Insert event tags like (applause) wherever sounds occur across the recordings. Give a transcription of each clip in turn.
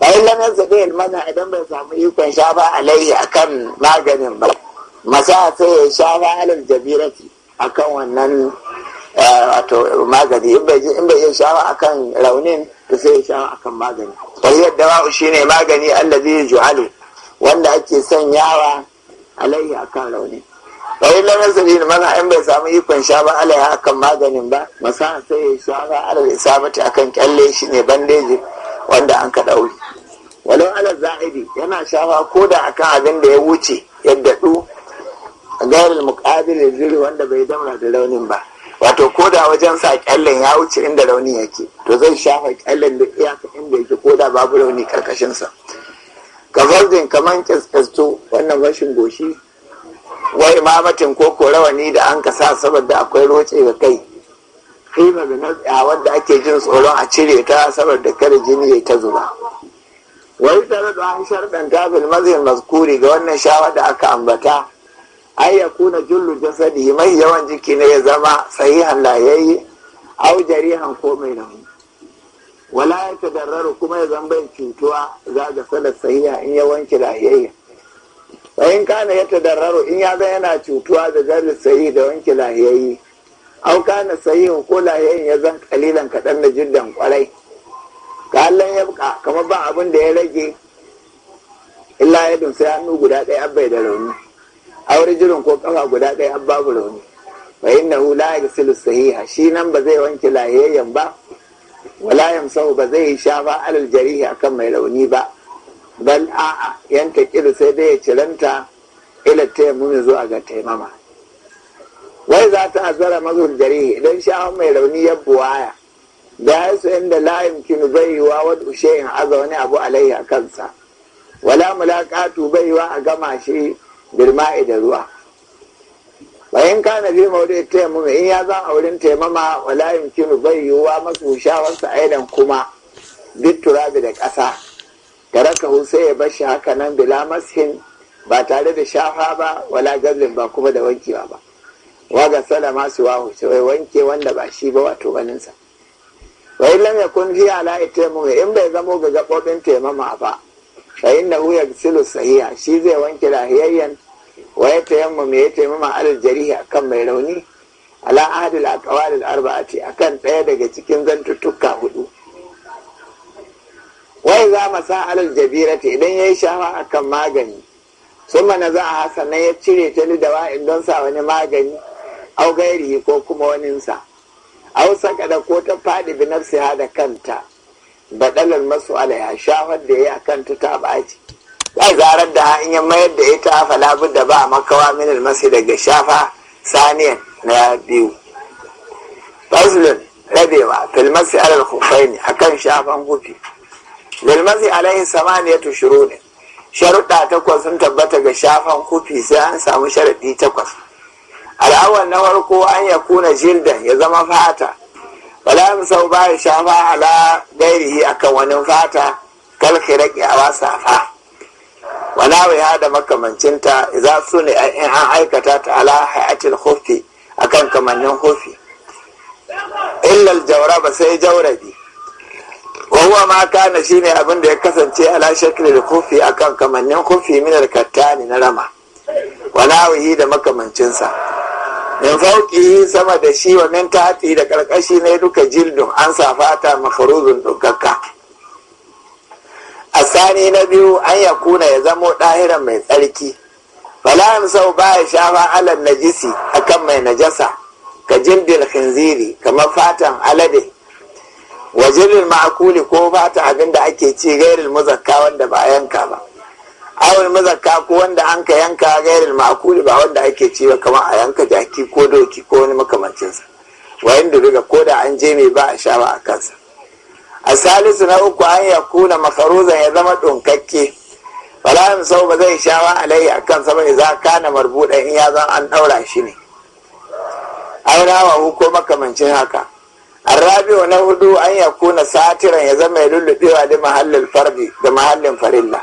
bayan lanar zabe mana idan bai samu ikon sha ba a kan maganin ba masa sai ya sha ba alal jabirati kan wannan eh, wato magani in bai iya sha ba kan raunin da sai ya sha a kan magani yadda waliyar shi ne magani allazi ju'alu wanda ake sanyawa a kan raunin bayan lanar zabe mana in bai samu ikon sha ba a kan maganin ba masa sai ya sha ba alal isabati kan kyalle ne bandeji wanda an ka daure walau ala zahiri yana shafa ko da akan abin da ya wuce ya daɗu a gairar mukabil ziri wanda bai damra da raunin ba wato ko da wajen sa kyallen ya wuce inda rauni yake to zai shafa kyallen da iyaka inda yake ko da babu rauni karkashin sa kafardin kaman kyaskyasto wannan rashin goshi wai imamatin ko ko rawani da an sa saboda akwai roce ga kai kima da wanda ake jin tsoron a cire ta saboda kada jini ya ta zuba Wai tare da an sharɗan tafil mazhir maskuri ga wannan shawa da aka ambata ai ya kuna jullu jasadi mai yawan jiki ne ya zama sahihan layayi au jarihan ko mai nauyi wala ya tadarraru kuma ya zama bai cutuwa za ga salat sahiha in ya wanke layayi in kana ya tadarraru in ya zama yana cutuwa da zarar sahi da wanke layayi au kana sahihin ko layayin ya zan kalilan kaɗan da jiddan kwarai kamar ba abin da ya rage illa ya dumsa hannu guda ɗaya an bai da rauni aure jirin ko kafa guda ɗaya an babu rauni fa innahu la yaghsilu sahiha shi nan ba zai wanke lahiyayyan ba wala yamsahu ba zai sha ba alal jarihi akan mai rauni ba bal a'a yanka kiru sai dai ya ciranta ila muni zuwa ga taimama wai za ta azara mazul jarihi idan sha mai rauni ya buwaya da su inda layin la yi wa wadda in aza wani abu alaihi a kansa wala yi wa a gama shi birma da ruwa bayan ka na bi maudu taimama in ya za a wurin taimama wala yi wa masu shawarsa aidan kuma duk turabi da ƙasa raka sai ya bashi haka nan bila mashin ba tare da shafa ba wala gazlin ba kuma da wankewa ba waga salama su wahu wanke wanda ba shi ba wato ganinsa wa in lam yakun fi ala itaimu in bai zamo ga gabobin taimama ba fa innahu yagsilu sahiha shi zai wanke lahiyayyan wa ta yamma mai ya taimama alal jarihi akan mai rauni ala aqwal al arba'ati akan ɗaya daga cikin zantuttuka hudu wai za masa alal jabirati idan yayi shawa akan magani summa naza'a sannan ya cire ta lidawa wa'in don sa wani magani au gairi ko kuma waninsa aw kada ko ta faɗi bi nafsi da kanta badalan masu alaya, shafar da ya yi kanta ta ɓaci ya zarar da in ya mayar da ita da ba makawa min almasi daga shafa saniyan na biyu faslun rabewa filmasi alal kufaini kan shafan kufi filmasi alaihi samaniyatu shuru ne sharuɗa takwas sun tabbata ga shafan kufi sai an samu sharaɗi takwas al'awar na farko an ya kuna jirgin ya zama fata wala sau ba ya shafa ala gairihi akan wani fata kal khiraqi a wasa wana wa ya da makamancinta za su ne in an aikata ta ala hayatil hufi akan kamannin hufi illal ba sai jaurabi wa huwa ma kana shine abin da ya kasance ala shakilin hufi akan kamannin hufi minar kattani na rama yi da makamancinsa min fauƙi sama da shi wa tati da ƙarƙashi ne duka jildun an safata ɗukaka. A asani na biyu an ya kuna ya zamo ɗahiran mai tsarki falahan sau ba ya shafa alal najisi akan mai najasa ka jildin khinziri kamar fatan alade wa ma'akuli ko fata abinda ake ci gairin muzakka wanda ba yanka ba awul mazaka ko wanda an ka yanka gairin ma'akuli ba wanda ake ci ba kamar a yanka jaki ko doki ko wani makamancinsa wayan da daga ko da an je mai ba a sha ba a kansa a salisu na uku an ya kuna makarozan ya zama ɗunkakke falayin sau ba zai sha ba alayi a kansa ba za na marbuɗan in ya zan an ɗaura shi ne an rawa ko makamancin haka A arrabi'u na hudu an ya kuna satiran ya zama ya lullubewa da mahallin fardi da mahallin farilla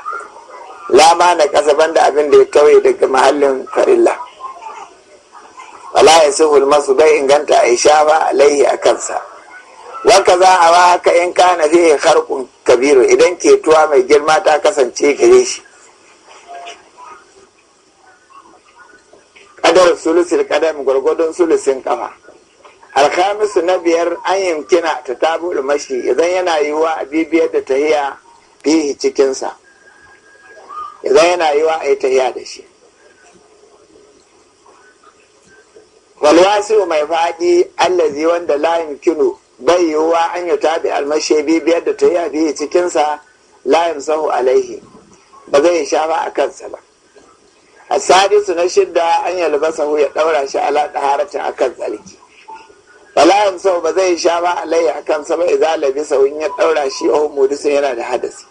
lama na kasa banda abin da ya kawai daga mahallin farilla wala ya suhul masu bai inganta a sha ba alaihi a kansa Waka za a wa haka in kana fiye harkun kabiru idan ketuwa mai girma ta kasance gare shi kadar sulusin kadam gwargwadon sulusin kafa alkhamisu na biyar an yankina ta tabulu mashi idan yana yiwuwa a bibiyar da tahiya fihi cikinsa idan yana yi wa a yi tahiya da shi walwasiu mai faɗi allazi wanda layin kinu bai yiwuwa an yi tabi almashebi biyar da ta yi cikinsa layin sahu alaihi ba zai sha ba a kansa ba a sadisu na shidda an sahu ya ɗaura shi ala ɗaharatin a kan tsarki wala yumsahu ba zai sha ba alaihi a kansa ba sau in ya ɗaura shi a humudisun yana da hadasi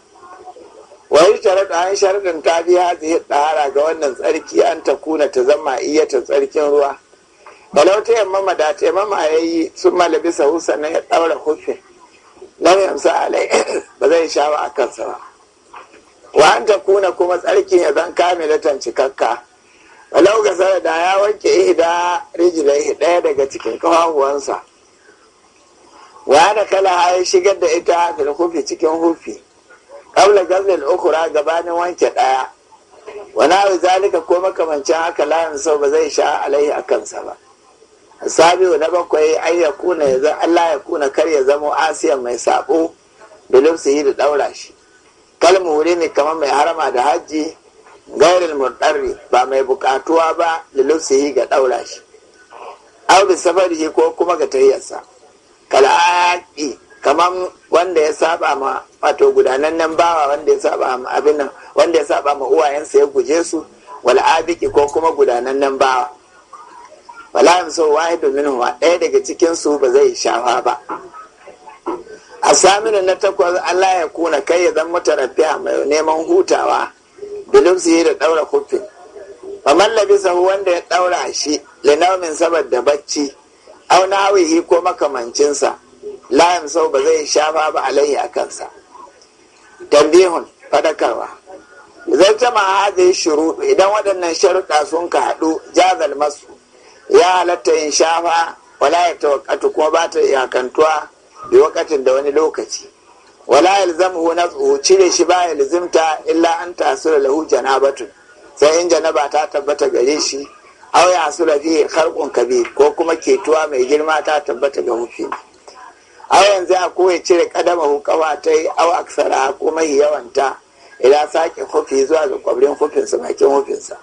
wai tare da an sharɗin ta biya zai ɗara ga wannan tsarki an ta kuna ta zama iya ta tsarkin ruwa balau ta yamma da ta yamma ya yi sun malabi sahu sannan ya ɗaura hufe lam yamsa alai (coughs) ba zai sha ba a kansa ba wa an ta kuna kuma tsarkin ya zan kame kamilatan cikakka balau ga sara da ya wanke ihda rijilai ɗaya daga cikin kafafuwansa wa da kala ya shigar da ita fil hufi cikin hufi qabla gazlil ukura gabanin wanke ɗaya wani abu zalika ko makamancin haka layin ba zai sha alaihi a kansa ba sabiu na bakwai an ya kuna ya Allah ya kuna kar ya zamo asiya mai sabo da lufsihi da daura shi kalmu wuri ne kamar mai harama da hajji gairin murdarri ba mai bukatuwa ba da lufsihi ga daura shi au bi shi ko kuma ga tahiyarsa kal'aqi kamar wanda ya saba ma wato gudanannen bawa wanda ya saba ma abin wanda ya saba ma uwayensa ya guje su wal abiki ko kuma gudanannen bawa wala wahi domin wa ɗaya daga cikin su ba zai shafa ba a saminu na takwas Allah ya kuna kai ya zan mutarafiya mai neman hutawa yi da ɗaura kufin Mallabi sahu wanda ya ɗaura shi linaumin saboda bacci au nawihi ko makamancinsa layan sau ba zai shafa ba alaihi a kansa tambihun fadakarwa zai a ma'azai shuru idan waɗannan sharuɗa sun ka haɗu jazal masu ya halatta yin shafa wala ya tawakkatu kuma ba ta iyakantuwa bi wakatin da wani lokaci wala na natsuhu cire shi ba yalzimta illa an tasira lahu janabatu sai in janaba ta tabbata gare shi aw ya asura fihi kabir ko kuma ketuwa mai girma ta tabbata ga mutum a yanzu a kowai cire kadama hukawa ta yi awa aksara ko mai yawanta idan sake kofi zuwa ga kwabrin hufinsa bakin kofinsa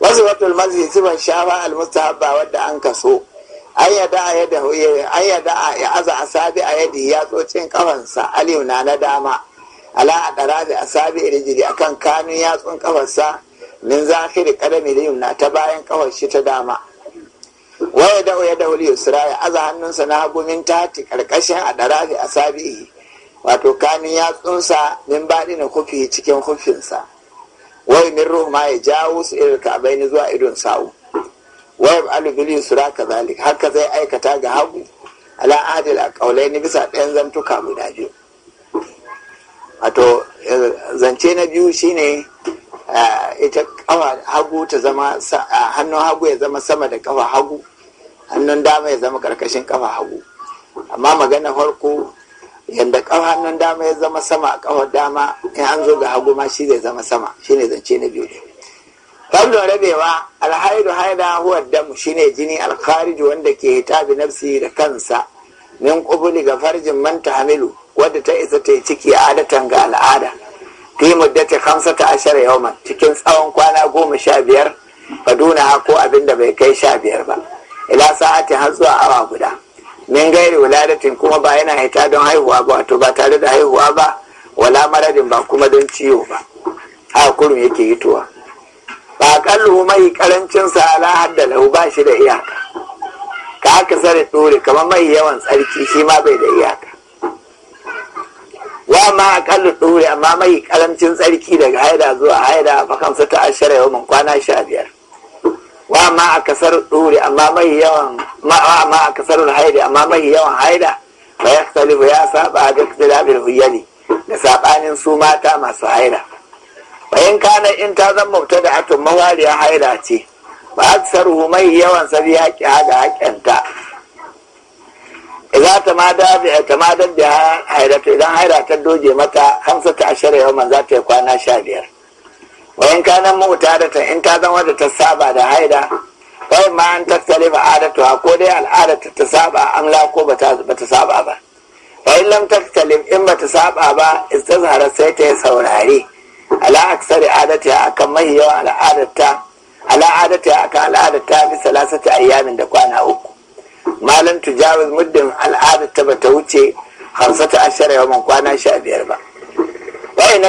wasu watul mazi siban shafa almustahabba wadda an kaso an yada a yadda an yada a ya aza asabi a yadi ya tsocin kafansa aliyu na na dama ala a dara da asabi irijiri kan kanun yatsun kafarsa min zahiri kadami liyum na ta bayan kafar ta dama wa ya da'u ya da'u yusra ya aza hannunsa na hagu min tati karkashin a darafi a sabihi wato kamin yatsunsa min baɗi na kufi cikin kufinsa wai min ruhu ma ya jawo su irin ka'abai ni zuwa idon sawu wai alu bil yusra kazalik haka zai aikata ga hagu ala adil a kaulai ni bisa ɗayan zantuka guda biyu wato eh, zance na biyu shine eh, ita kafa hagu ta zama eh, hannun hagu ya zama sama da kafa hagu hannun dama ya zama karkashin kafa hagu amma magana farko yadda kafa hannun dama ya zama sama a kafa dama in an zo ga hagu ma shi zai zama sama ne zance na biyu Fardun rabewa alhaidu haida huwa damu shine jini alkhariju wanda ke hita bi nafsi da kansa min qubuli ga farjin man hamilu wadda ta isa ta yi ciki adatan ga al'ada fi muddati khamsata ashara yawman cikin tsawon kwana goma sha biyar fa duna ko abin da bai kai sha biyar ba ila sa'ati har zuwa awa guda min gairi wuladatin kuma ba yana haita don haihuwa ba wato ba tare da haihuwa ba wala maradin ba kuma don ciwo ba haka kurum yake hitowa ba kallu mai karancin sa ala hadda lahu ba shi da iyaka ka haka sare dore kamar mai yawan tsarki shi ma bai da iyaka wa ma akallu dore amma mai karancin tsarki daga haida zuwa haida fa kamsa ta ashara yawan kwana sha biyar wa ma a kasar ɗuri amma mai yawan ma ma a kasar amma mai yawan haida fa ya talibu ya saba da abin huyani da sabanin su mata masu haida bayan kana in ta zan mafita da atun mawariya haida ce ba aksaru mai yawan sabi haƙi haga haƙenta idan ta ma da ta ma da haida idan haida ta doge mata hamsa ta ashirin yawan za ta yi kwana sha biyar wayan kanan mauta da in ta zama da ta saba da haida wai ma an tattale ma'adatuwa ko dai al'adar ta saba amla ko ba ta saba ba wai lam tattale in ba ta saba ba istazhara sai ta yi saurare ala aksari adata akan mahi yawan al'adata ala adata akan al'adata fi ta ayyamin da kwana uku malam tujawiz muddin al'adata ba ta wuce hamsata ashara yawan kwana sha biyar ba wai na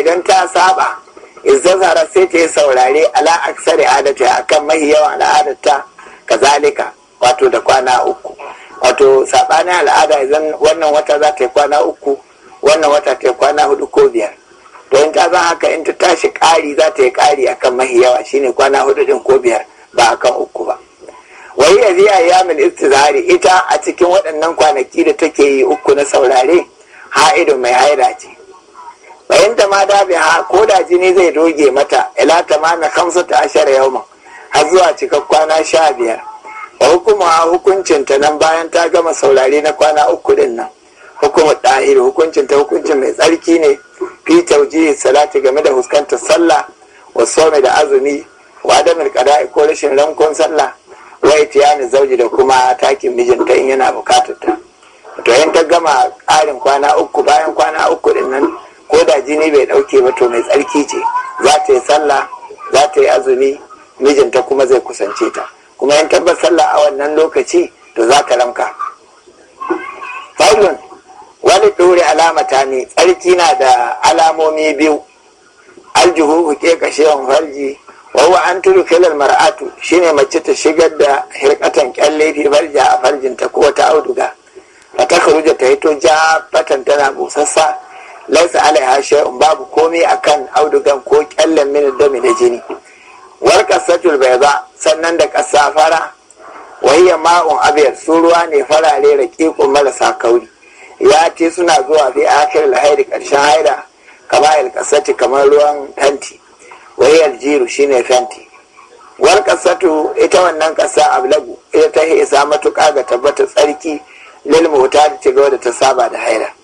idan ta saba istazhara sai ta yi saurare ala aksari adata akan mahi yawan ka kazalika wato da kwana uku wato sabanin al'ada idan wannan wata za ta yi kwana uku wannan wata ta yi kwana hudu ko biyar to in ta zan haka in ta tashi ƙari za ta yi ƙari akan mahi yawa shine kwana hudu din ko biyar ba a kan uku ba wai ya ziya ya min istizari ita a cikin waɗannan kwanaki da take yi uku na saurare ha'idu mai haira ce bayan da ma da a ko da jini zai doge mata ila ta ashirin yau ma, har zuwa cikar kwana sha biyar a hukuma hukuncin ta nan bayan ta gama saurari na kwana uku din nan hukumar ɗahiri hukuncin ta hukuncin mai tsarki ne Peter, taujihi salati game da fuskantar sallah wa da azumi wa adamul ko rashin rankon sallah wa ni zauji da kuma takin mijinta in yana bukatar ta to ta gama ƙarin kwana uku bayan kwana uku din nan ko da jini bai dauke ba to mai tsarki ce za ta yi sallah za ta yi azumi mijinta kuma zai kusance ta kuma yan tabbas sallah a wannan lokaci to za ka lamka faɗin wani ɗore alamata ne tsarki na da alamomi biyu aljuhu kashe kashewan farji wawa an turu kilar mar'atu shine mace ta shigar da hirkatan kyalle fi farja a farjinta ko ta auduga a ta ta hito ja fatan tana busassa laisa alaiha shay'un babu komai akan audugan ko kyallen min dami na jini war bai ba, sannan da ƙasa fara wahiya ma'un abiyar su ruwa ne farare raqiqun marasa kauri ya ce suna zuwa fi a al lahairi karshen haida kama al kamar ruwan tanti wahiyar jiru shine fenti war kasatu ita wannan ƙasa kasa ablagu ita ta isa matuƙa ga tabbata tsarki lil mota ta ga da ta saba da haira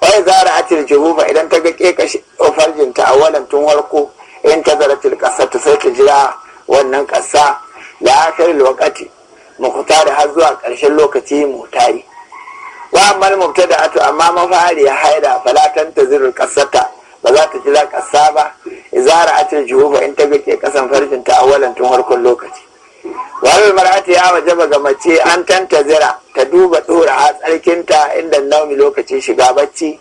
wai zara atil Jehova idan ta ga kashi farjin ta awalan tun warko in ta zara kasa ta sai ta jira wannan kasa la akhir lokaci da har zuwa ƙarshen lokaci mu tari wa mubtada atu amma mafari ya haida ta tantaziru kasata ba za ta jira kasa ba izara atil Jehova in ta ga ke kasan farjin ta awalan tun warkon lokaci wani mar'ati ya waje ga mace an tanta zira ta duba dora a tsarkinta inda naumi lokacin shiga bacci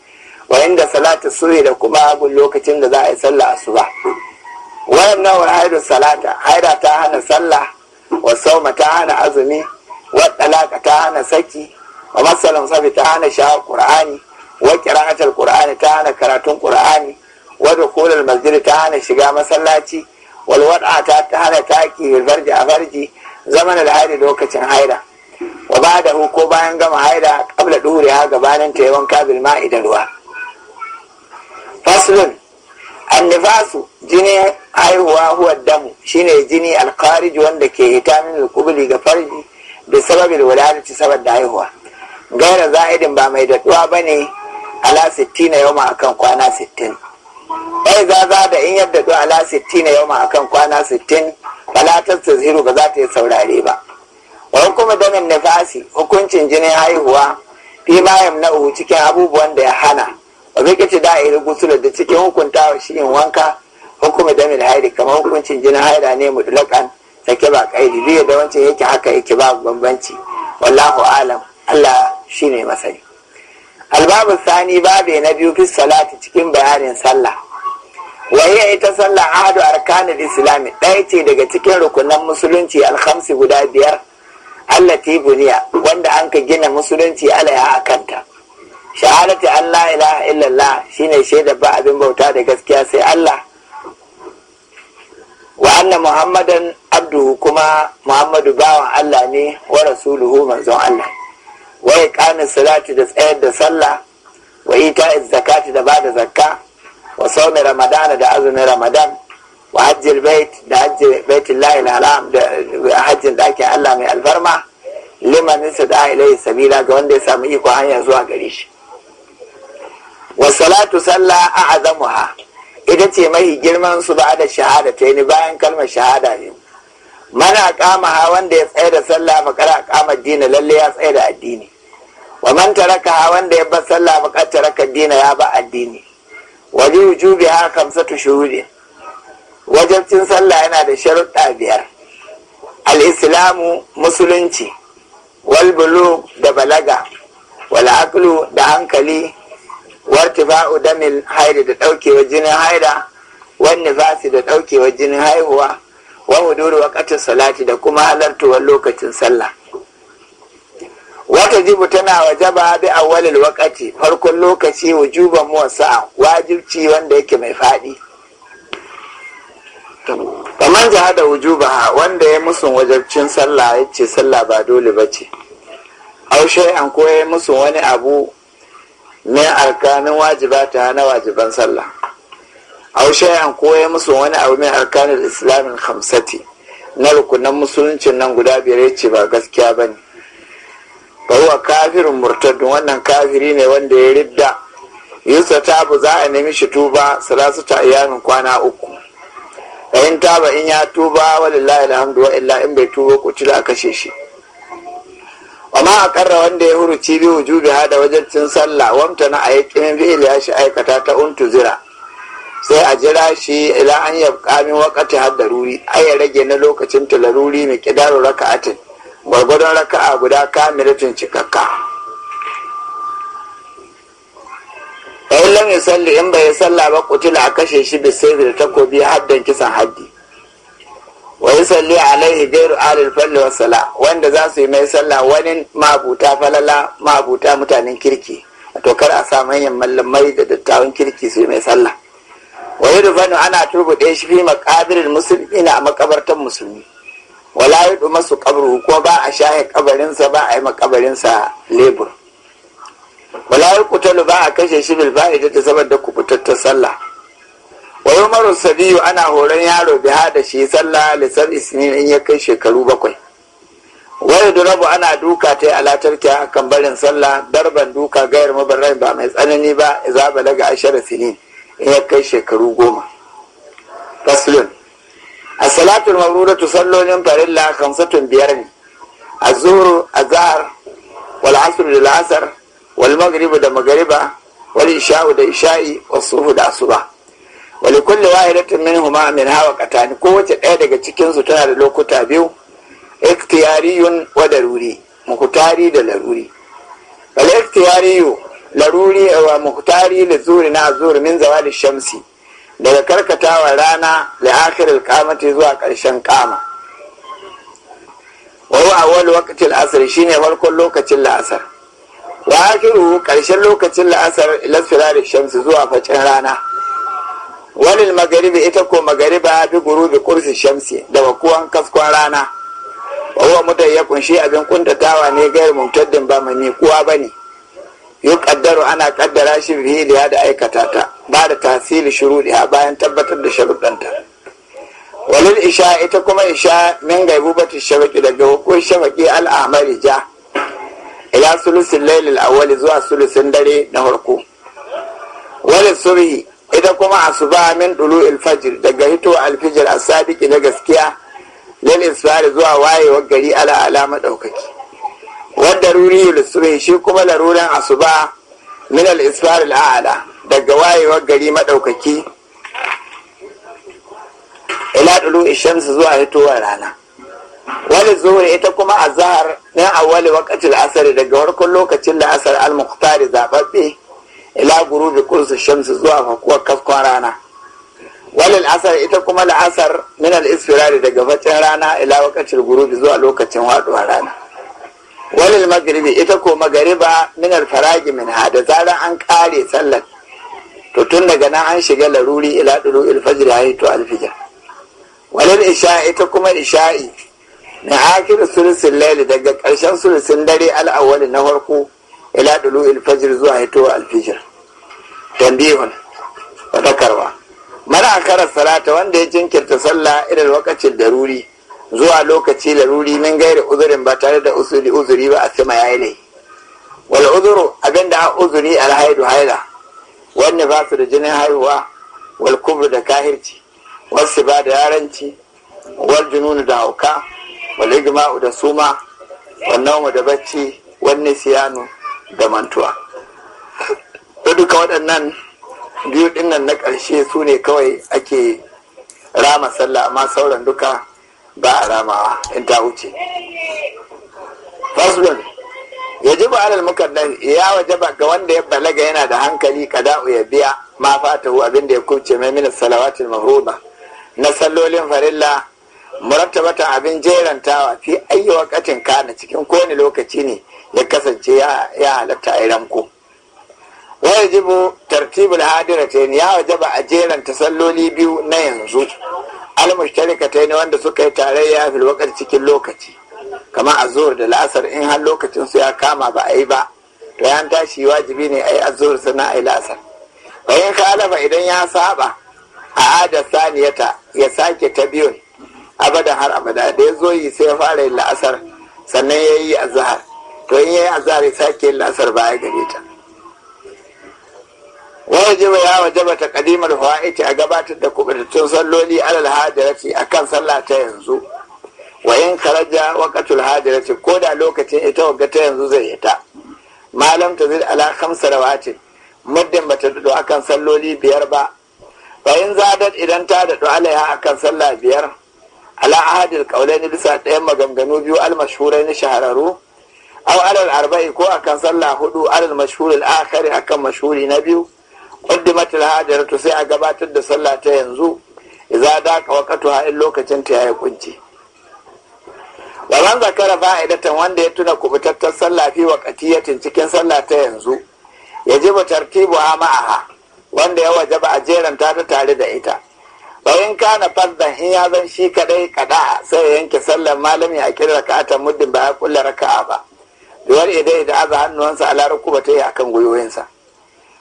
wa inda salatu suri da kuma agun lokacin da za a yi sallah asuba wayan nawar haidu salata haida ta hana sallah wa sauma ta hana azumi wa talaka ta hana saki wa masalan sabi ta hana sha qur'ani wa qira'atul qur'ani ta hana karatun qur'ani wa dukhulul masjid ta hana shiga masallaci walwada ta ta hana taki zarji a farji zaman alhaidi lokacin haida wa ba da ko bayan gama haida kabla dure ha gabanin ta yawan kabil ma'i da ruwa faslun annifasu jini haihuwa huwa damu shine jini alkharij wanda ke hita min alqubli ga farji sababin sababil sabar saboda haihuwa gaira za'idin ba mai daɗuwa bane ala 60 yawma akan kwana sittin. za zaza da in yadda du ala sittin na yau akan kwana sittin falatar ta ziru ba za ta yi saurare ba wa kuma damin nifasi hukuncin jinin haihuwa fi na uhu cikin abubuwan da ya hana wa bi kici da'ir gusul da cikin hukunta shi in wanka hukuma damin haidi kamar hukuncin jinin haida ne mu mutlakan sake ba kaidi biyu da wancan yake haka yake ba bambanci wallahu alam Allah shine masani albabu sani babe na biyu fi salati cikin bayanin sallah waye ita sallah ahadu arkanul islami ɗaya ce daga cikin rukunan musulunci alkhamsi guda biyar allati buniya wanda an ka gina musulunci alaiha a kanta shahadati an la ilaha illallah shine shaida ba abin bauta da gaskiya sai Allah wa anna muhammadan abduhu kuma muhammadu bawan Allah ne wa rasuluhu manzon Allah wa iqamis salati da tsayar da sallah wa ita'iz zakati da bada zakka wa saumi ramadana da azumin ramadan wa hajjil bait da hajjil baitin layin haram da hajjin allah mai alfarma liman su da ilai sabila ga wanda ya samu iko hanya zuwa gare shi wa salatu sallah a azamuha ita ce mahi girman su ba da shahada ta yi bayan kalmar shahada ne mana kama ha wanda ya tsaye da sallah fakara kama dina lalle ya tsaye da addini wa man taraka ha wanda ya bar sallah fakar taraka dina ya ba addini wa bi wujubiha kamsatu Wajen wajabcin sallah yana da sharuɗa biyar al-islamu musulunci wal bulu da balaga wal aklu da hankali wartifa'u damil haida da ɗaukewa jinin haida wan nifasi da ɗaukewa jinin haihuwa wa huduru waqtin salati da kuma halartuwar lokacin sallah wata jibu tana wajaba bi awwalil wakati, farkon lokaci wujuban muwassa wajibci wanda yake mai fadi kamar jihada wujuba wanda ya musun wajabcin sallah ya ce sallah ba dole ba ce haushe an koya musu wani abu min alkanin wajiba ta hana wajiban sallah haushe an koya musu wani abu min alkanin islamin hamsati na rukunan musuluncin nan guda biyar ya ce ba gaskiya ba ne fahuwa kafirin murtadun wannan kafiri ne wanda ya ridda yusa bu za a nemi shi tuba salasu ta iyamin kwana uku in ba in ya tuba walillahi alhamdu wa illa in bai tuba ku cila a kashe shi amma a karra wanda ya huru bi wujubi hada wajen cin sallah wamta na a yi ya shi aikata ta untu zira sai a jira shi ila an yabka min wakati har daruri ai ya rage na lokacin talaruri mai kidaru raka'atin gwargwadon raka'a guda kamilatin cikakka ɗayan yi ya salli in bai salla ba kutila a kashe shi bi sai da takobi haddan kisan haddi wa yi salli alaihi gairu alil falli wa sala wanda za su yi mai salla wani mabuta falala mabuta mutanen kirki a tokar a sa manyan mallamai da dattawan kirki su yi mai salla wa yi ana turbuɗe shi fi makabirin musulmi na a makabartan musulmi wala yudu masu kabru ko ba a shaye kabarinsa ba a yi makabarinsa lebur wala kutalu ba a kashe shi bil da ta saboda kubutattar sallah wa umaru sabiyu ana horon yaro biha da shi sallah li sinin in ya kai shekaru bakwai da durabu ana duka ta yi ala a akan barin sallah darban duka gayar mabarrai ba mai tsanani ba za balaga ashara sinin in ya kai shekaru goma faslun as-salatul mabruratu sallolin farilla kamsatun biyar ne az a zahar wal asr da lasar wal da magriba wal isha'u da isha'i wa suhu da asuba wa li kulli wahidatin minhuma min hawa qatani kowace ɗaya daga cikin su tana da lokuta biyu ikhtiyariyun wa daruri mukhtari da laruri wal ikhtiyariyu laruri wa mukhtari da zuri na zuri min zawali shamsi daga karkatawa rana da akhirar kamati zuwa ƙarshen kama huwa awwal waqtil asr shine farkon lokacin la'asar wa akhiru ƙarshen lokacin la'asar ila firari shamsi zuwa facin rana walil magaribi ita ko magariba bi gurubi kursi shamsi da wakuwan kaskon rana huwa ya shi abin kuntatawa ne gairu mumtaddin ba mai kuwa bane yuqaddaru ana ƙaddara shi bihi da aikata ta ba da tasiri ha bayan tabbatar da sharuɗanta walil isha ita kuma isha min gaibu ta shafaqi daga hukun shafaqi al'amari ja ila sulusin lailil awwali zuwa sulusin dare na farko walil subhi ita kuma asuba min dulu ilfajir, daga hito alfijir a sadiqi na gaskiya lil isfar zuwa wayewar gari ala alama daukaki wadda ruri lissubai shi kuma laruran asuba min al-isfar daga wayewar gari maɗaukaki. ila dulu su zuwa hitowar rana wani zuwa ita kuma a azhar min awali wakacin asari daga farkon lokacin da asar al-muqtar zababbe ila da kursu su zuwa fakuwar kaskon rana wani asar ita kuma la'asar min al-isfirar daga facin rana ila wakacin gurubi zuwa lokacin waduwar rana walil magribi ita ko magariba minar faragi min da zarar an kare sallar to tun daga nan an shiga laruri ila duru ilfajir ya to alfijar walil isha'i ita kuma isha'i na akir sulusin laili daga ƙarshen sulusin dare al'awali na farko ila dulu ilfajir zuwa hito alfijar. tambihun wadakarwa mara akara salata wanda ya jinkirta sallah irin wakacin daruri zuwa lokaci laruri min gaira uzurin ba tare da usuri uzuri ba a sama yayi ne wal uzuru abinda a uzuri haidu haila wanne ba su da jinin haihuwa wal kubru da kahirci wasu ba da yaranci wal jununu da hauka wal igma'u da suma wannan da bacci wanne siyanu da mantuwa to duka waɗannan biyu ɗinnan na ƙarshe su ne kawai ake rama sallah amma sauran duka ba a ramawa in ta wuce faslun ya ji ba alal mukaddan ya waje ba ga wanda ya balaga yana da hankali ka kada'u ya biya ma fata abin da ya kuce mai min salawatil mahruba na sallolin farilla murattabata abin jerantawa fi ayyi waqatin kana cikin kowane lokaci ne ya kasance ya halatta a ramko wajibu tartibul hadiratayn ya wajaba a jeranta salloli biyu na yanzu ta ne wanda suka yi tarayya fil wakar cikin lokaci kamar azur da la'asar in har lokacin su ya kama ba a yi ba to ya tashi wajibi ne a yi azur sana a yi la'asar bayan kalafa idan ya saba a ada saniyata ya sake ta biyun abada har abada da ya zo yi sai ya fara yin la'asar sannan ya yi azhar to in ya yi azhar ya sake yin la'asar baya gare ta wajib ya wajaba ta kadimar fa'iti a gabatar da kubutattun salloli alal hadirati akan sallah ta yanzu wayan karaja wakatul hadirati ko da lokacin ita wagga ta yanzu zai yi ta? malam ta zai ala da wace muddin ba bata dado akan salloli biyar ba bayan zadar idan ta dado alaiha akan sallah biyar ala ahadil qaulaini bisa ɗayan maganganu biyu almashurai na shahararru Au alal arba'i ko akan sallah hudu alal mashhuril akhari akan mashhuri na biyu qaddimat al-hajaratu sai a gabatar da sallah ta yanzu idza daka waqtuha in lokacin ta ya kunce wa man zakara fa'idatan wanda ya tuna kubutattar sallah fi waqatiyatin cikin sallah ta yanzu Ya yajibu tartibuha ma'aha wanda ya waje ba a jeranta ta tare da ita bayan kana fardan in ya zan shi kaɗai kada sai ya yanke sallar malami a kira raka'ata muddin ba ya kulla raka'a ba duwar idai da aza hannuwansa ala rukuba ta yi akan gwiwoyinsa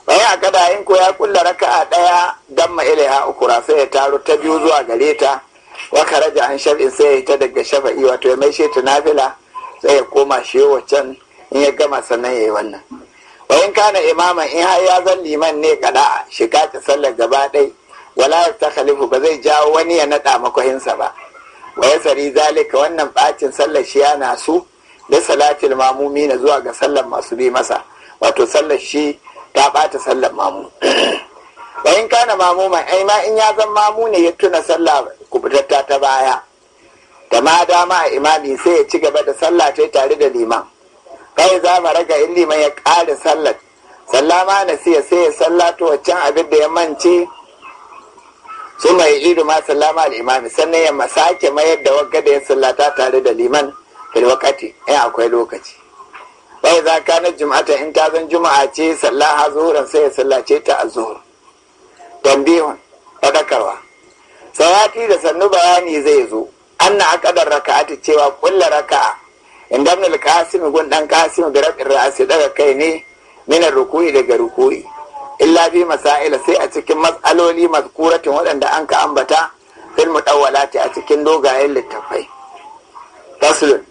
bayan kada in ko ya kulla raka'a daya dan ma ilaiha ukura sai ya taro ta biyu zuwa gare ta wa karaja an shar'in sai ya ta daga shafa'i wato ya maishe ta nafila sai ya koma shi waccan in ya gama sannan ya yi wannan in kana imaman in har ya zan liman ne a shiga ta sallar gaba ɗai wala ta khalifu ba zai jawo wani ya naɗa makwahinsa ba wa ya sari zalika wannan bacin sallar shi yana su da salatin mamumi na zuwa ga sallar masu bi masa wato sallar shi ta ɓata sallar mamu bayan kana mamu mai ai ma in ya zan mamu ne ya tuna sallah kubutatta ta baya da ma dama a imami sai ya ci gaba da sallah ta tare da liman kai za mu raga in liman ya ƙara sallar ma na siya sai ya ta waccan abin da ya mance su mai ido ma sallama imami sannan ya masake mayar da wagga da ya sallata tare da liman fil wakati in akwai lokaci bai za ka na jima'ata in ta zan juma'a ce sallaha zuhuran sai ya sallace ta a zuhur tambihun fadakarwa Sarati da sannu bayani zai zo anna aqdar raka'ata cewa ƙulla raka'a in da mil kasim gun dan kasim da rabin ra'asi daga kai ne minar rukui daga rukui illa bi masail sai a cikin mas'aloli mazkuratin waɗanda an ka ambata fil mudawwalati a cikin dogayen littafai faslun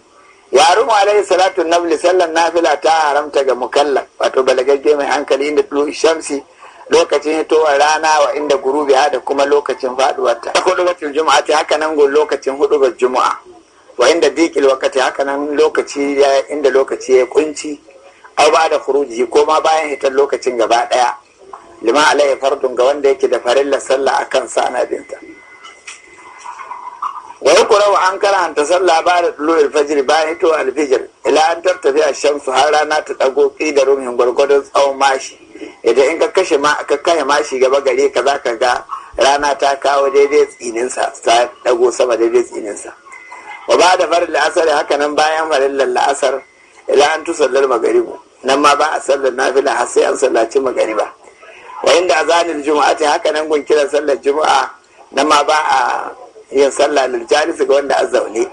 mu alaihi salatu nabli sallan nafila ta haramta ga mukalla, wato balagagge mai hankali inda tulu shamsi lokacin hitowar rana wa inda gurubi da kuma lokacin faduwar ta hudu wacin juma'a ta haka nan gun lokacin hudu ga juma'a wa inda dikil wakati haka nan lokaci ya inda lokaci ya kunci au ba da furuji ko ma bayan hitar lokacin gaba daya lima alaihi fardun ga wanda yake da farilla sallah akan sa binta wa yuqra'u an karanta sallah ba da tulul fajr bayan to alfijir ila an tartafi ash-shamsu har rana ta dago kidarun hin gwargwadon tsawon mashi idan in ka kashe ma ka mashi gaba gare ka za ka ga rana ta kawo daidai tsininsa ta dago sama daidai tsininsa wa ba da farin la'asar haka nan bayan farin la'asar ila an tusallar magaribu nan ba a sallar nafila har sai an sallaci magariba wa inda azanin juma'a ta haka nan gun kiran sallar juma'a nan ba a yin sallah lil jalisi ga wanda zaune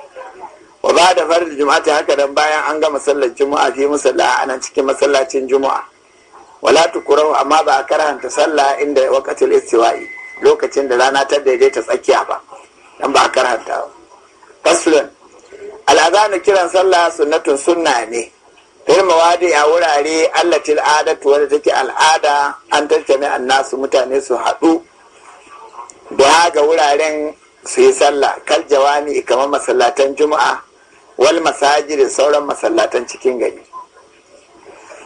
wa ba da farin juma'a ta haka dan bayan an gama sallar juma'a fi musalla a nan cikin masallacin juma'a wala tukurau amma ba a karanta sallah inda waqatul istiwa'i lokacin da rana ta daidaita tsakiya ba dan ba a karanta ba. faslun al'azanu kiran sallah sunnatun sunna ne Firma wadi a wurare allatil adatu wadda take al'ada an tattame nasu mutane su haɗu da ga wuraren su yi sallah kal jawami kamar masallatan juma'a wal masajid da sauran masallatan cikin gari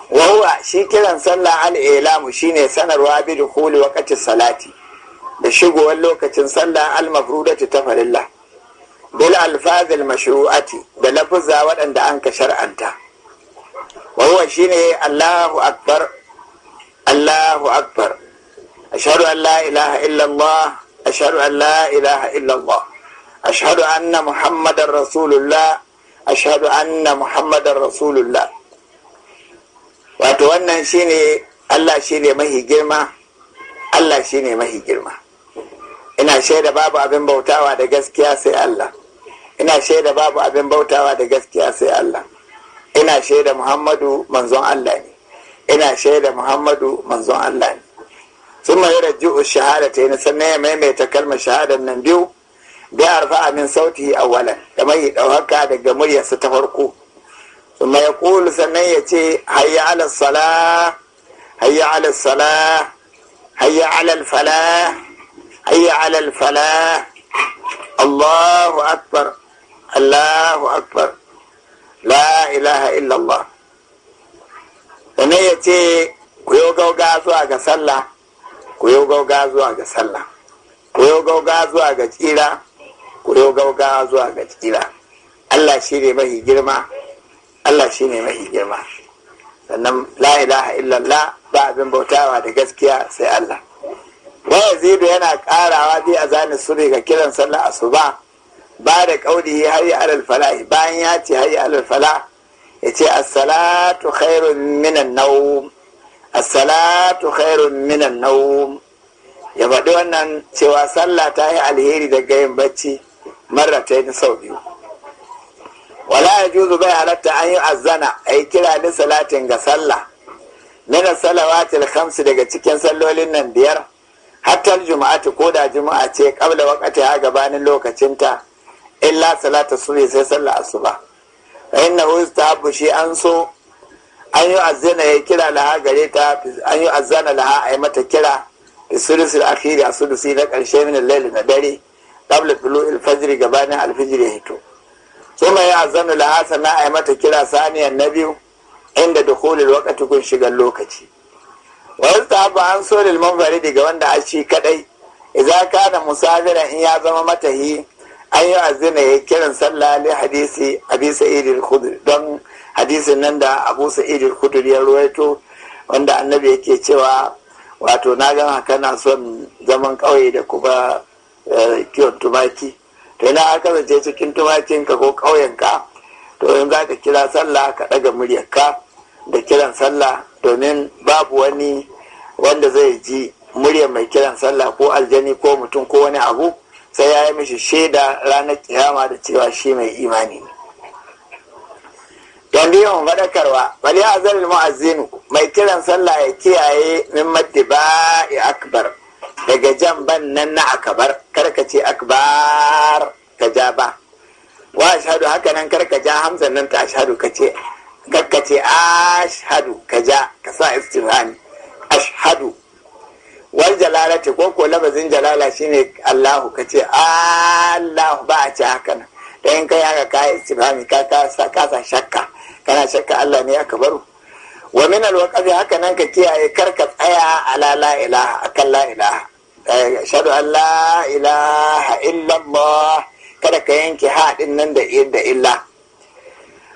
wahuwa shi kiran sallah Al-Elamu al'ilamu shine sanarwa bi dukhul waqti salati da shigowar lokacin sallah al-mafrudati ta farilla bil alfazil mashru'ati da lafuzza waɗanda an ka shar'anta wahuwa shine Allahu akbar Allahu akbar ashhadu an la ilaha illallah أشهد أن لا إله إلا الله أشهد أن محمد رسول الله أشهد أن محمد رسول الله wato wannan shine Allah shine mahi girma Allah shine mahi girma ina shaida babu abin bautawa da gaskiya sai Allah ina shaida babu abin bautawa da gaskiya sai Allah ina shaida Muhammadu manzon Allah ne ina shaida Muhammadu manzon Allah ne ثم يرجئ الشهادتين سنة ما يتكلم كلمة من ننديو بأرفع من صوته أولا كما يدعو هكذا جمهورية ستفرقو ثم يقول سنية هيا على الصلاة هيا على الصلاة هيا على الفلاح هيا على الفلاح الله أكبر الله أكبر لا إله إلا الله سنية ويوقع وقع سواء ku yau gauga zuwa ga sallah ku yau gauga zuwa ga tsira ku yau gauga zuwa ga tsira Allah shi ne mahi girma Allah shi ne mahi girma sannan la ilaha illallah ba abin bautawa da gaskiya sai Allah wa yazidu yana karawa bi azani suri ga kiran sallah asuba ba da kauli hayya alal falah bayan ya ce hayya alal falah yace as-salatu khairun minan nawm as-salatu khairun minan nawm ya faɗi wannan cewa sallah ta yi alheri daga yin bacci ta yi sau biyu wala ya juzu bai halatta an yi azzana a yi kira da salatin ga sallah nina salawatil khamsi daga cikin sallolin nan biyar hatta juma'atu ko da juma'a ce kabla wakati ha gabanin lokacinta illa salata sunni sai sallah asuba fa ta yustahabbu shi an so an yi azana ya kira laha gare ta an yi azana laha a yi mata kira da sulusul akhiri a sulusi na ƙarshe min laili na dare qabla tulu alfajr gabanin alfijir ya hito kuma ya azana laha sana a yi mata kira saniyan na biyu inda dukhulul waqti kun shigar lokaci wa yastahaba an sulul manfari daga wanda a shi kadai idza kana musafiran in ya zama matahi an yi azina ya kiran sallah li hadisi abi sa'id al-khudri don hadisin nan da abu Sa'idu al ya ruwaito wanda annabi yake cewa wato na gan na son zaman kawai da kuma eh, kiwon tumaki to ina aka zance cikin tumakin ka ko ƙauyenka to in za ka kira sallah ka ɗaga muryarka da kiran sallah domin babu wani wanda zai ji muryar mai kiran sallah ko aljani ko mutum ko wani abu sai ya yi mishi shaida ranar kiyama da cewa shi mai imani tambiyan faɗakarwa bali azal mu'azzinu mai kiran sallah ya kiyaye min mattiba'i akbar daga jan ban nan na akabar karka ce akbar ka ja ba wa ashhadu haka nan karka ja hamsin nan ta ashadu ka ce karka ce ka ja ka sa istirhami Ashadu, wal jalalati ko ko labazin jalala shine Allahu ka ce Allahu ba a ce haka nan da in kai haka ka yi ka ka kasa shakka kana shakka Allah ne aka baro wa min alwaqafi haka nan ka kiyaye karka tsaya ala la ilaha akan la ilaha eh, ashhadu an la ilaha Allah kada ka yanke haɗin nan da da illa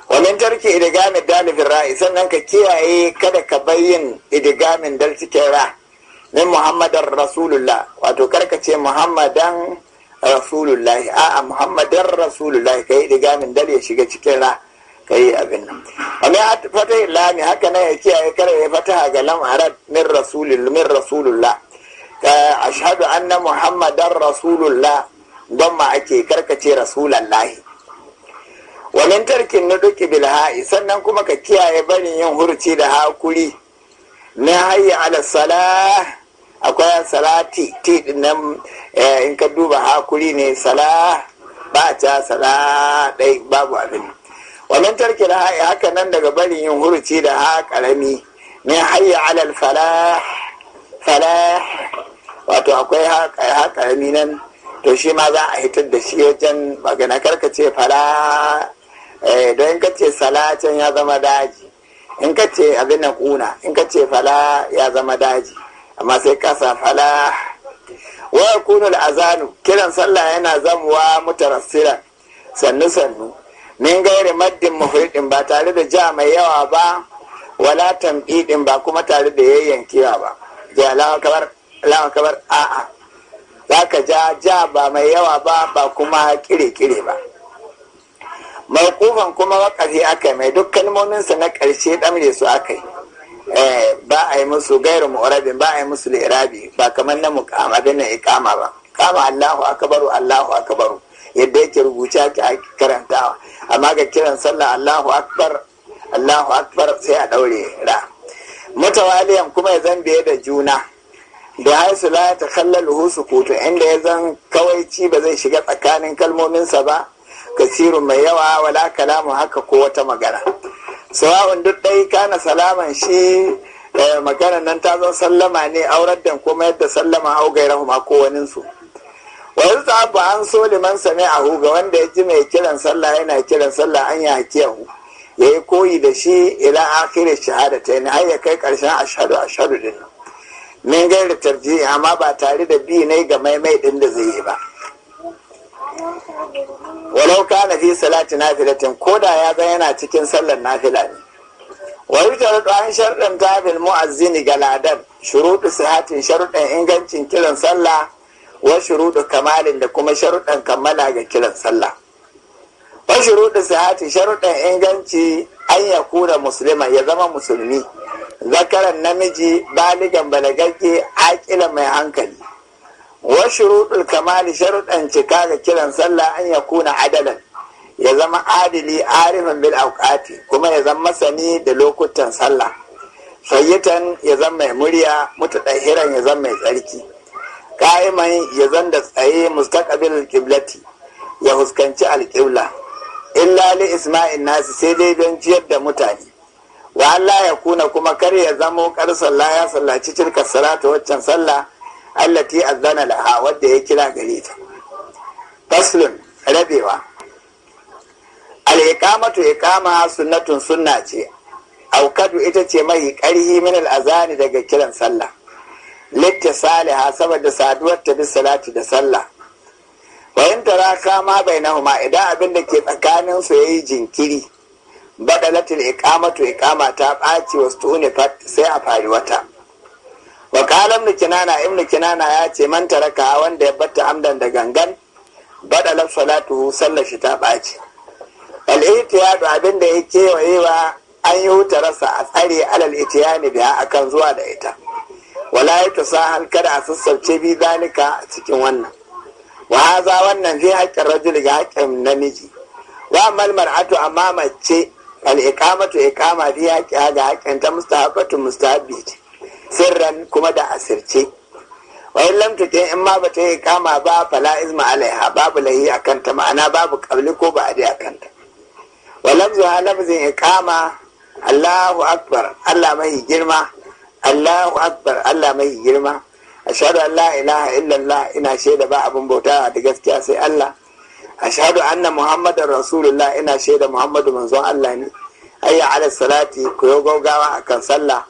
wa min tarki idigamin dalibin ra'i sannan ka kiyaye kada ka bayyin idigamin dal ra min muhammadan rasulullah wato karka ce muhammadan rasulullahi a'a muhammadan rasulullahi kai idigamin dal ya shiga cikin ra' yi abin nan amma yi lami haka nan ya kiyaye kare ya fata ga lam min min rasulullah ka ashhadu anna muhammadan rasulullah don ma ake karkace rasulallahi wa min tarkin duki bil ha'i sannan kuma ka kiyaye barin yin hurci da hakuri na hayya ala salah akwai salati ti nan eh, in ka duba hakuri ne salah ba ta salah dai babu abin wamin tarki da ha'i haka nan daga barin yin huruci da ha karami min hayya alal falah falah wato akwai ha karami nan to shi ma za a hitar da shi wajen magana karka ce fala don ka ce eh, salacin ya zama daji in ka ce abin nan kuna in ka ce fala ya zama daji amma sai kasa fala wa kunu azanu kiran sallah yana zamuwa mutarassiran sannu sannu min gairi maddin mufridin ba tare da ja mai yawa ba wala tamidin ba kuma tare da yayyankewa ba ja lawa kabar a'a za ka ja ja ba mai yawa ba ba kuma kire-kire ba mawkufan kuma wakafi aka mai duk kalmominsa na ƙarshe ɗamre su aka yi eh, ba a yi musu gairu mu'rabin ba a yi musu lirabi ba kamar na muƙam kama ikama ba kama allahu akabaru allahu akabaru yadda yake rubuce ake karantawa amma ga kiran sallah Allahu akbar Allahu akbar sai a daure ra mutawaliyan kuma ya zan biye da juna da haisu la ta kallaluhu kutu, inda ya zan kawaici ba zai shiga tsakanin kalmominsa ba kasirun mai yawa wala kalamu haka ko wata magana sawa'un duk ɗai kana salaman shi eh, magana nan ta zo sallama ne aurar da kuma yadda sallama au gairahu ko waninsu wa yuzabu an so liman a ga wanda ya ji mai kiran sallah yana kiran sallah an ya hakiyahu ya yi koyi da shi ila akhirin shahada ta yana ya kai karshen ashadu ashadu din nan min gaira tarji amma ba tare da bi ne ga maimai din da zai yi ba walau na fi salati nafilatin da ya ga yana cikin sallar nafila ne wani jarudu an sharuɗin tafil mu'azzini ga ladan shuruɗu sihatin sharuɗin ingancin kiran sallah wa shuruɗu kamalin da kuma sharuɗan kammala ga kiran sallah wa shuruɗu sihati sharuɗan inganci an ya kura musulman ya zama musulmi zakaran namiji baligan balagagge aƙila mai hankali wa shuruɗul kamali sharuɗan cika ga kiran sallah an ya kuna adalan ya zama adili arifin bil auqati kuma ya zama masani da lokutan sallah sayyitan ya zama mai murya hiran ya zama mai tsarki ƙa'iman ya zanda tsaye mustaqbil qiblati ya huskanci alƙibla In li isma'in nasi sai dai don ciyar da mutane wa Allah ya kuna kuma kar ya zamo kar sallah ya sallaci cirka salata waccan sallah allati azana laha wadda ya kira gare ta faslun rabewa al-iqamatu iqama sunnatun sunna ce aukadu ita ce mai karhi min al-azani daga kiran sallah litta saliha saboda saduwar ta bi salati da sallah in tara kama bai nahuma idan abin da ke tsakanin su yayi jinkiri badalatul iqamatu iqama ta ɓaci wasu tuni sai a fari wata wa kalam kinana ibn kinana ya ce man taraka wanda ya batta amdan da gangan badalar salatu sallar shi ta al itiyadu abin da ya kewayewa an yi wuta rasa a tsare alal itiyani biya akan zuwa da ita wala ya tasahal kada a sassauce bi a cikin wannan wa haza wannan fi haƙƙin rajul ga haƙƙin namiji wa amal mar'atu amma mace al iqamatu iqama fi haƙƙi ga haƙƙin ta mustahabatu mustahabi sirran kuma da asirce Wani in lam in ma bata yi iqama ba fala izma alaiha babu lahi akan ta ma'ana babu qabli ko ba dai akan ta wa lafzu ha lafzin iqama Allahu akbar Allah mai girma Allahu akbar Allah mai girma ashhadu an la ilaha illallah ina shaida ba abin bauta da gaskiya sai Allah ashhadu anna muhammadar rasulullah ina shaida muhammadu manzon Allah ne hayya ala salati ku yo gaugawa akan sallah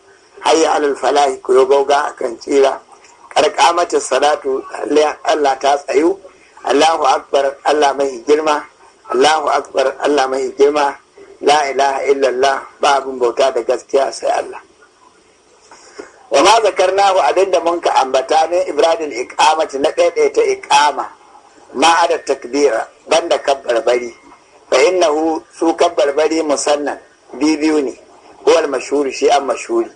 hayya ala falahi ku yo gauga akan tsira karkamata salatu Allah ta tsayu Allahu akbar Allah mai girma Allahu akbar Allah mai girma la ilaha illallah ba abin bauta da gaskiya sai Allah wa ma zakarnahu abinda mun ka ambata min ibradil iqamati na ta iqama ma ada takbira banda kabbarbari fa innahu su kabbarbari musannan bibiyu ne huwal mashhuri shi an mashhuri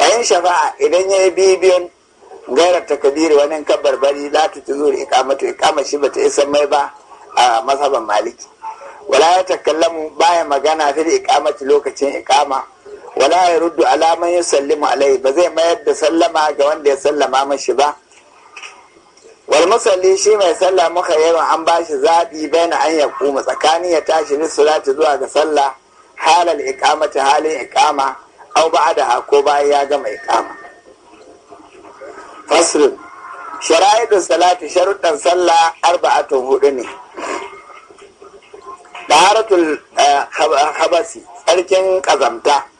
fa in shafa'a idan yayi bibiyun gaira takbiri wani kabbarbari la ta tuzuri iqamatu iqama shi bata isa mai ba a mazhaban maliki wala ya takallamu baya magana fi iqamati lokacin iqama wala ya ruddu alaman ya sallimu alai ba zai mayar da sallama ga wanda ya sallama mashi ba wal musalli shi mai sallah muka yawan an ba shi zaɓi bayan an ya kuma tsakanin ya tashi ni salati zuwa ga sallah halal iqamati halin iqama au ba'da ko bayan ya gama iqama fasl shara'idu salati sharuɗan sallah arba'atun hudu ne daharatul eh, habasi tsarkin ƙazamta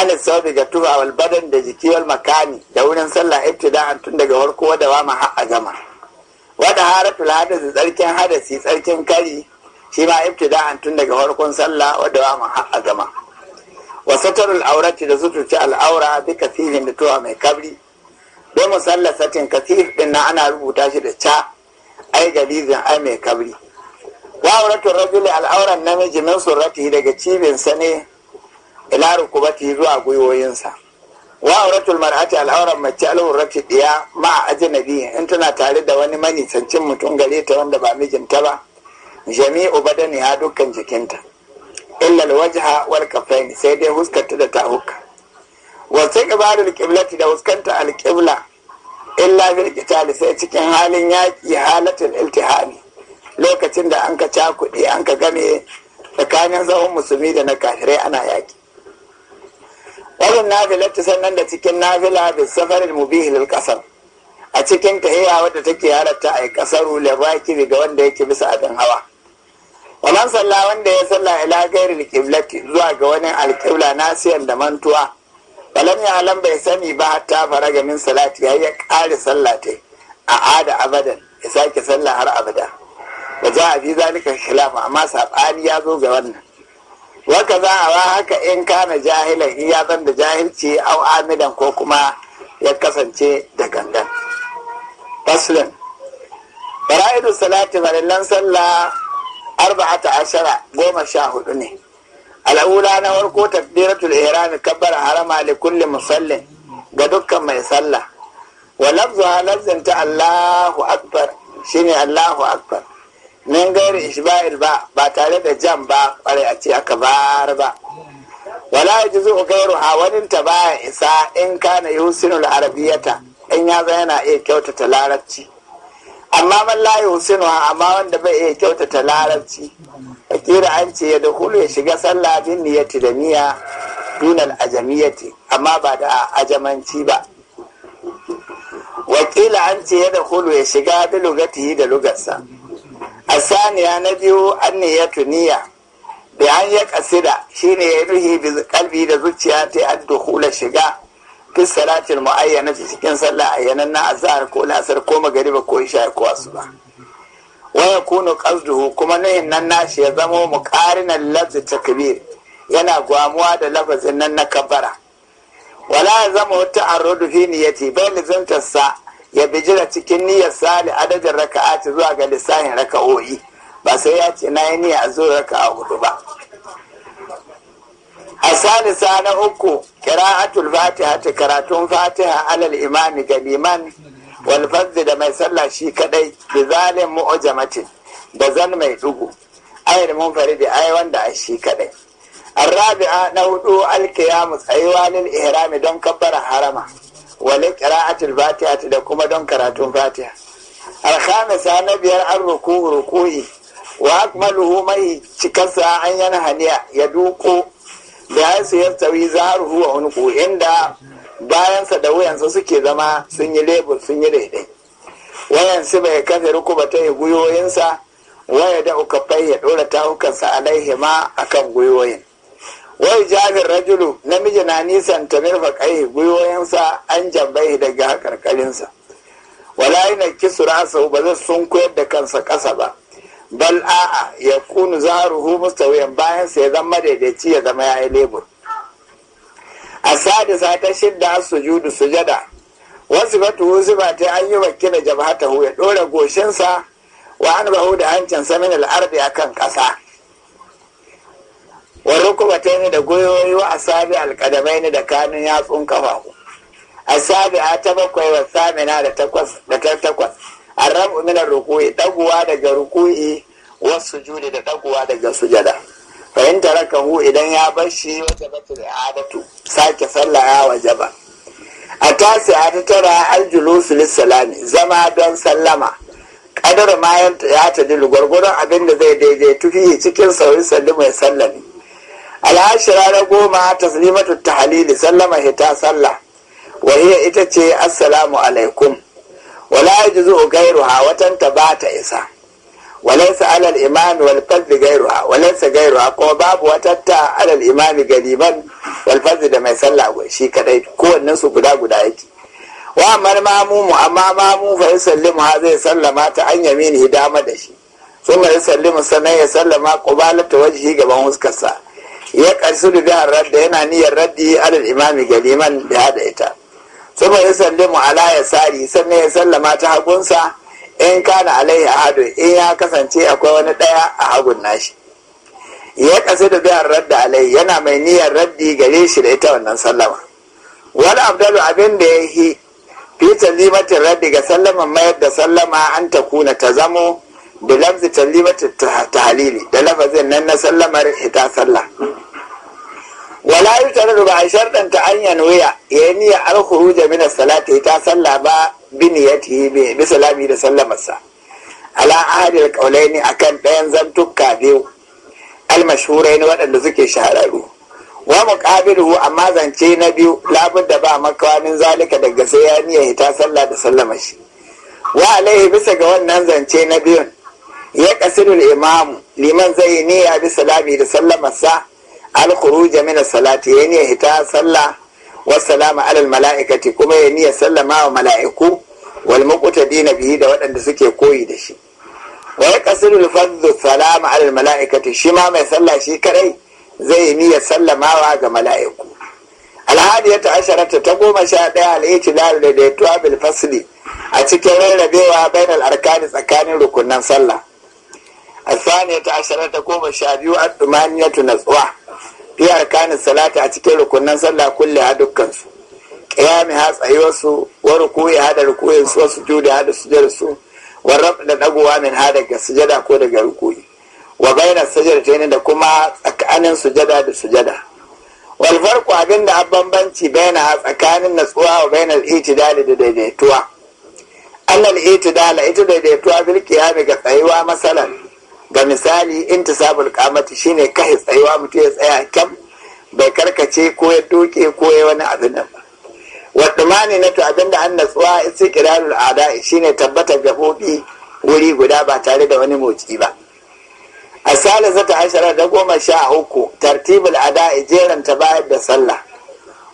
ana sabi ga tuba wal badan da jiki wal makani da wurin sallah ibtida'an tun daga farko da wa ma a gama wada haratul hadasi tsarkin hadasi tsarkin kari shi ma ibtida'an tun daga farkon sallah wadda wa ma a gama wa satarul aurati da al al'aura bi kafirin da tuwa mai kabri musalla satin kafir din na ana rubuta shi da ca ai galizin ai mai kabri wa auratul rajuli al'auran namiji min surati daga cibinsa ne ila rukubati zuwa gwiwoyinsa wa auratul mar'ati al'auran mace al'urrati diya ma ajnabi in tana tare da wani manisancin mutum gare ta wanda ba mijinta ba jami'u badani ha dukkan jikinta illa alwajha wal kafaini sai dai huskarta da ta hukka wa istiqbalul qiblati da huskanta alqibla illa bil qitali sai cikin halin yaki halatul iltihani lokacin da an ka cakuɗe an ka game tsakanin zahon musulmi da na kafirai ana yaki nafilar ta sannan da cikin nafila da safarin mubihi lil kasar a cikin tahiya wadda take halatta a kasaru lil rakibi ga wanda yake bisa abin hawa wannan sallah wanda ya salla ila gairi qiblati zuwa ga wani alqibla nasiyan da mantuwa balan ya alam bai sani ba hatta faraga min salati yayi ya kare sallah ta a ada abadan ya sake sallah har abada wa za a bi zalika khilaf amma sabani ya zo ga wannan waka za a wa haka in kana jahilan in ya zan da jahilci au amidan ko kuma ya kasance da gangan faslin fara'idu salati farillan sallah arba'ata ashara goma sha hudu ne al'ula na farko takbiratul ihram kabbar harama li kulli musallin ga dukkan mai sallah wa lafzuha lafzin ta Allahu akbar shine Allahu akbar min gairu isba'il ba ba tare da jam ba kwarai a ce aka bar ba wala zuwa gairu a wani ta baya isa in kana yusinul arabiyata in ya yana iya kyautata larabci amma man husinu yusinu amma wanda bai iya kyautata larabci kira an ce ya dukulu ya shiga sallah bin niyyati da niyya dunal ajamiyati amma ba da ajamanci ba wakila an ce ya dukulu ya shiga bi lugatihi da lugarsa A saniya na biyu an niyyatu da an ya kasida shi ne ya ruhi bi kalbi da zuciya ta hula shiga fi salatin muayyana cikin sallah ayyanan na azahar ko lasar ko ba ko isha ko ba. waya yakunu qasduhu kuma nahin nan nashi ya zamo muqarinan lafzi takbir yana gwamuwa da lafazin nan na kabbara wala ya zama wata arrodu fi niyyati bai lizantarsa ya bijira cikin niyyar adadin da adadin raka'ati zuwa ga lissafin raka'o'i ba sai ya ce na yi niyya a zuwa raka'a hudu ba a salisa na uku kira atul fatiha ta karatun fatiha alal imami ga liman da mai sallah shi kadai bi zalim mu'jamatin da zan mai dugu ayar da ayi wanda a shi kadai na الرابعة نوضو القيام lil ihrami don kabbara harama. wale qira'atul fatiha da kuma don karatun fatiha sa na biyar an ruku ruku'i wa akmaluhu mai cikarsa an yana haniya ya duko da ya su yastawi zaruhu wa unku inda bayansa da wuyansa suke zama sun yi lebur sun yi daidai su bai kafe ruku ba ta yi gwiwoyinsa waya da ukafai ya ɗora tawukansa alaihima akan gwiwoyin wai jabir rajulu namiji na nisan ta mirfaƙai gwiwoyinsa an jambai daga karkarinsa wala yana su rasa ba zai sun koyar da kansa ƙasa ba bal a'a ya kunu za ruhu mustawiyan bayan sa ya zama daidaici ya zama yayi lebur a Sadi sa, ta shidda su sujada wasu batu wasu ba ta an yi jama'a ta ya ɗora goshinsa wa an bahu da hancinsa min a kan ƙasa yi da goyoyi wa asabi ne da kanun yatsun kafafu asabi a ta bakwai wa samina da takwas da ta takwas umina ruku'i ɗaguwa daga ruku'i wasu juli da ɗaguwa daga sujada fahimta hu idan ya bar shi wata bata da adatu sake sallah ya waje ba a tasi a ta tara aljulusu lissalami zama don sallama kadar ma ya ta dilu gwargwaron abin da zai daidaitu fiye cikin sauyin sallu mai sallami al'ashira na goma taslimatu tahlili sallama hita sallah wa hiya ita ce assalamu alaikum wala yajzu gairuha watan ta ba ta isa walaysa alal imami wal fadli gairuha walaysa gairuha kuma babu watatta alal imami galiban wal fadli da mai sallah shi kadai kowannen su guda guda yake wa amar mamumu amma mamu fa yusallimu ha zai sallama ta an yamini dama da shi sun ma yusallimu sannan ya sallama wajen shi gaban huskarsa ya karsu da bihar radda yana niyyar raddi alal imami ga liman da hada ita saboda ya sallimu ala ya sari sannan ya sallama ta hagunsa in kana a hado in ya kasance akwai wani daya a hagun nashi ya kasu da bihar radda alai yana mai niyyar raddi gare shi da ita wannan sallama wani abdalu abin da ya yi fi limatin raddi ga sallaman mayar da sallama an takuna ta zamo da lafzi talibata ta halili da lafazin nan na sallamar ita sallah wala yi tare da ba a sharɗanta anyan wuya ya yi niyya alkhuruja min salati ita sallah ba bi niyyati bi salami da sallamarsa ala ahadil ne akan ɗayan zantukka biyu almashhurai ne waɗanda suke shahararru wa muqabiluhu amma zance na biyu da ba makawanin zalika daga sai ya niyya ita sallah da sallamar shi wa alaihi bisa ga wannan zance na biyun ya kasirul imamu liman zai niyya bi salami da sallamarsa al khuruja min salati ya hita sallah wa salama alal mala'ikati kuma ya niyya sallama wa mala'iku wal muqtadina bihi da waɗanda suke koyi da shi wa ya kasirul fadhu salama alal mala'ikati shi ma mai sallah shi kadai zai yi niyya sallamawa ga mala'iku alhadiyata asharata ta goma sha ɗaya al'itilal da da tuwa bil fasli a cikin rarrabewa bainal arkani tsakanin rukunan sallah الثانية عشرة قوم شابيو الثمانية a في أركان الصلاة أتكي ركنا صلى كلها دكان قيام هذا أيوسو وركوي هذا ركوي وسجود هذا سجود سو والرفع لنقوى من هذا السجدة كود ركوي وبين السجدتين da kuma tsakanin sujada da sujada wal farqu abinda abban banci baina tsakanin natsuwa wa baina al-i'tidal da daidaituwa annal i'tidal ita daidaituwa bil qiyam ga tsayuwa matsalar. ga misali in intisabul kamati shine kai tsayuwa mutum ya tsaya kyam bai karkace ko ya doke ko ya wani abin nan ba wadda mani na to abin da an natsuwa isi kirarul ada shine tabbatar gaɓoɓi wuri guda ba tare da wani motsi ba a sale zata ashirar da goma sha uku tartibul ada jeran ta bayar da sallah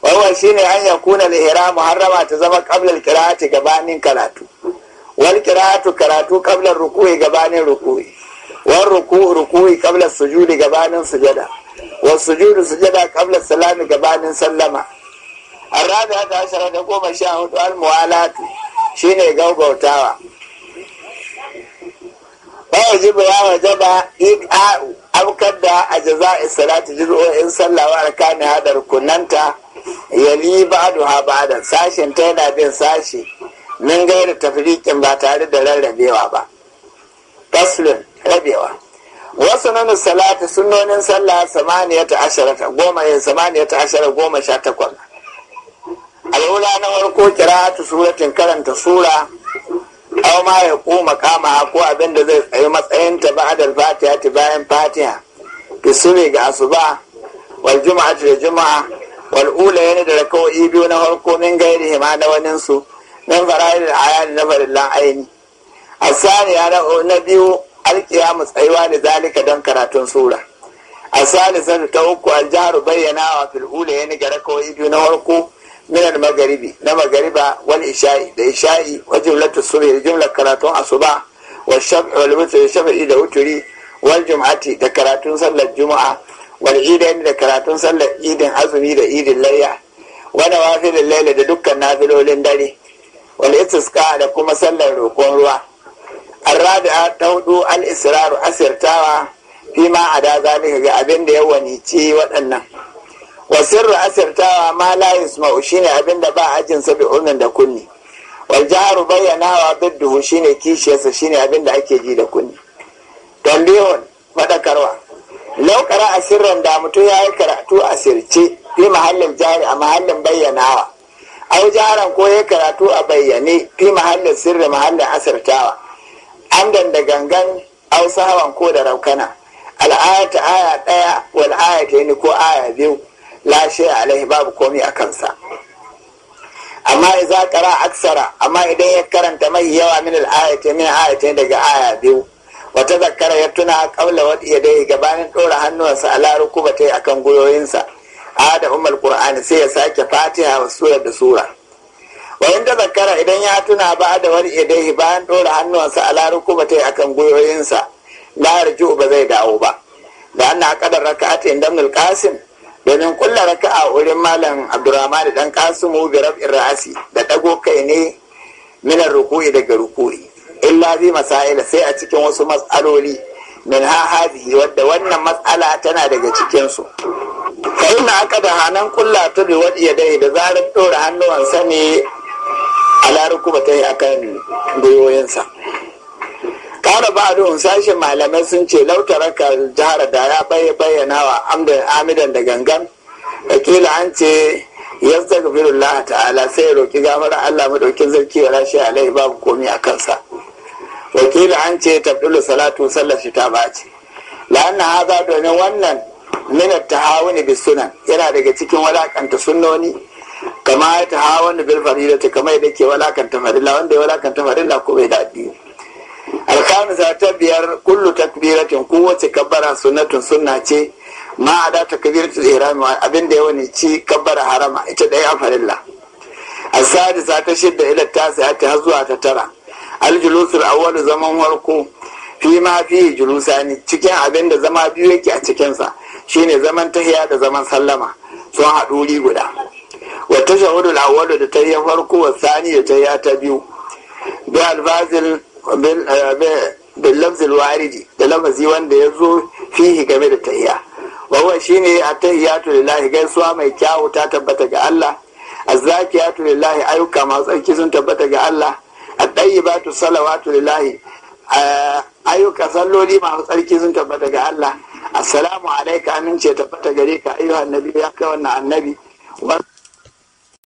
wawa shine an ya kuna lihira muharrama ta zama kablar kiratu gabanin karatu wal kiratu karatu kablar ruku'i gabanin ruku'i wan ruku'u ruku'i qabla sujudi gabanin sujada wa sujudu sujada qabla salami gabanin sallama arabi ta ashara da goma sha hudu al muwalatu shine gaugautawa ba wajiba ya wajaba iqa'u abkar da a jaza'i salati juz'o'in sallah wa arkani hadar kunanta yali ba'du ha ba'dan sashin ta yana bin sashi min gaira tafriqin ba tare da rarrabewa ba Faslin. rabewa wasu nanu salati sunnonin sallah samaniyata asharata goma samaniya ta ashara goma sha takwas al'ula na farko ta suratin karanta sura aw ma ya koma kama ko abin da zai tsaye matsayin ta ba'dal fatiha ta bayan fatiha ki sune ga asuba wal juma'a da juma'a wal ula yana da rakawai biyu na farko min gairi hima na wanin su min fara'il ayani na farillan aini asaniya na biyu alƙiyamu tsayuwa da zalika don karatun sura a salisar ta uku aljaharu bayyana wa fil'ula ya nigara kawai biyu na farko minar magaribi na magariba wal isha'i da isha'i wa jumlatu subhi da jumlar karatun asuba wa shaf'i wal da wuturi wal jum'ati da karatun sallar juma'a wal idain da karatun sallar idin azumi da idin layya wa nawafilil layli da dukkan nafilolin dare wal istisqa da kuma sallar roƙon ruwa arrabi'a ta hudu al-israru asirtawa fi ma a da zalika ga abin da ya wanice waɗannan wasirru asirtawa ma la yusma'u shine abin da ba ajin sa bi urnin da kunni wal jaru bayyanawa bidduhu shine kishiyarsa shine abin da ake ji da kunni tambihun fadakarwa laukara a sirran da mutum ya yi karatu a sirce fi mahallin jari a mahallin bayyanawa au jaran ko ya karatu a bayyane fi mahallin sirri mahallin asirtawa an da gangan Hausa hawan ko da raukana al'ayata aya ɗaya wal ayata ne ko aya biyu Lashe shay alaihi babu komai a kansa amma idza kara aksara amma idan ya karanta mai yawa min al'ayata min ayata daga aya biyu wata zakara ya tuna kaula wadda ya dai gabanin ɗora hannuwansa a laruku ba ta yi akan gwiwoyinsa a da umar qur'ani sai ya sake fatiha wa sura da sura bayan da zakara idan ya tuna ba da wani idai bayan dora hannuwansa a kuma ta yi akan gwiwoyinsa na yarju ba zai dawo ba da ana kadar raka'at inda ibn qasim domin kulla a wurin malam abdurrahman dan qasimu bi rab'ir ra'asi da dago kai ne minar ruku'i daga ruku'i illa bi masa'ila sai a cikin wasu matsaloli min ha hadhihi wadda wannan matsala tana daga cikinsu su fa inna aqada hanan kulla da wadi ya da zarar dora hannuwansa ne gyara kuma ta yi akan gwiwoyinsa kara ba don sashen malamai sun ce ka jihar da ya bayyana wa amidan da gangan wakila an ce ya zagabirullah ta'ala sai roƙi gamar allah madaukin zarki wa rashi alai babu komi a kansa wakila an ce tabdulu salatu sallar shi ta bace la'anna haza domin wannan minar ne bisunan yana daga cikin walakanta sunnoni kama ya ta hawa wanda bil farila ta kama yadda ke walakanta farila wanda ya walakanta farila ko bai da addini alkanu ta biyar kullu takbiratin kowace kabbara sunnatun sunna ce ma a da takbiratul ihrami abin da ya wani ci kabbara harama ita ɗaya a farilla asadi za ta shidda ila ta sai ta har zuwa ta tara aljulusul awwalu zaman warko fi ma fi julusani cikin abin da zama biyu yake a cikinsa shine zaman tahiya da zaman sallama sun haɗu wuri guda wa tashahhudu al-awwal ta tayya farko wa Sani da ta tayya ta biyu bi al-bazil bil lafz da lafazi wanda ya zo fihi game da tayya wa huwa shine at-tayyatu lillahi gaisuwa mai kyawu ta tabbata ga Allah A zaki ya zakiyatu lahi ayyuka masu tsarki sun tabbata ga Allah A ɗayi at-tayyibatu salawatu lillahi ayyuka salloli masu tsarki sun tabbata ga Allah assalamu alaika amince tabbata gare ka ayyuhan nabi ya kawo na annabi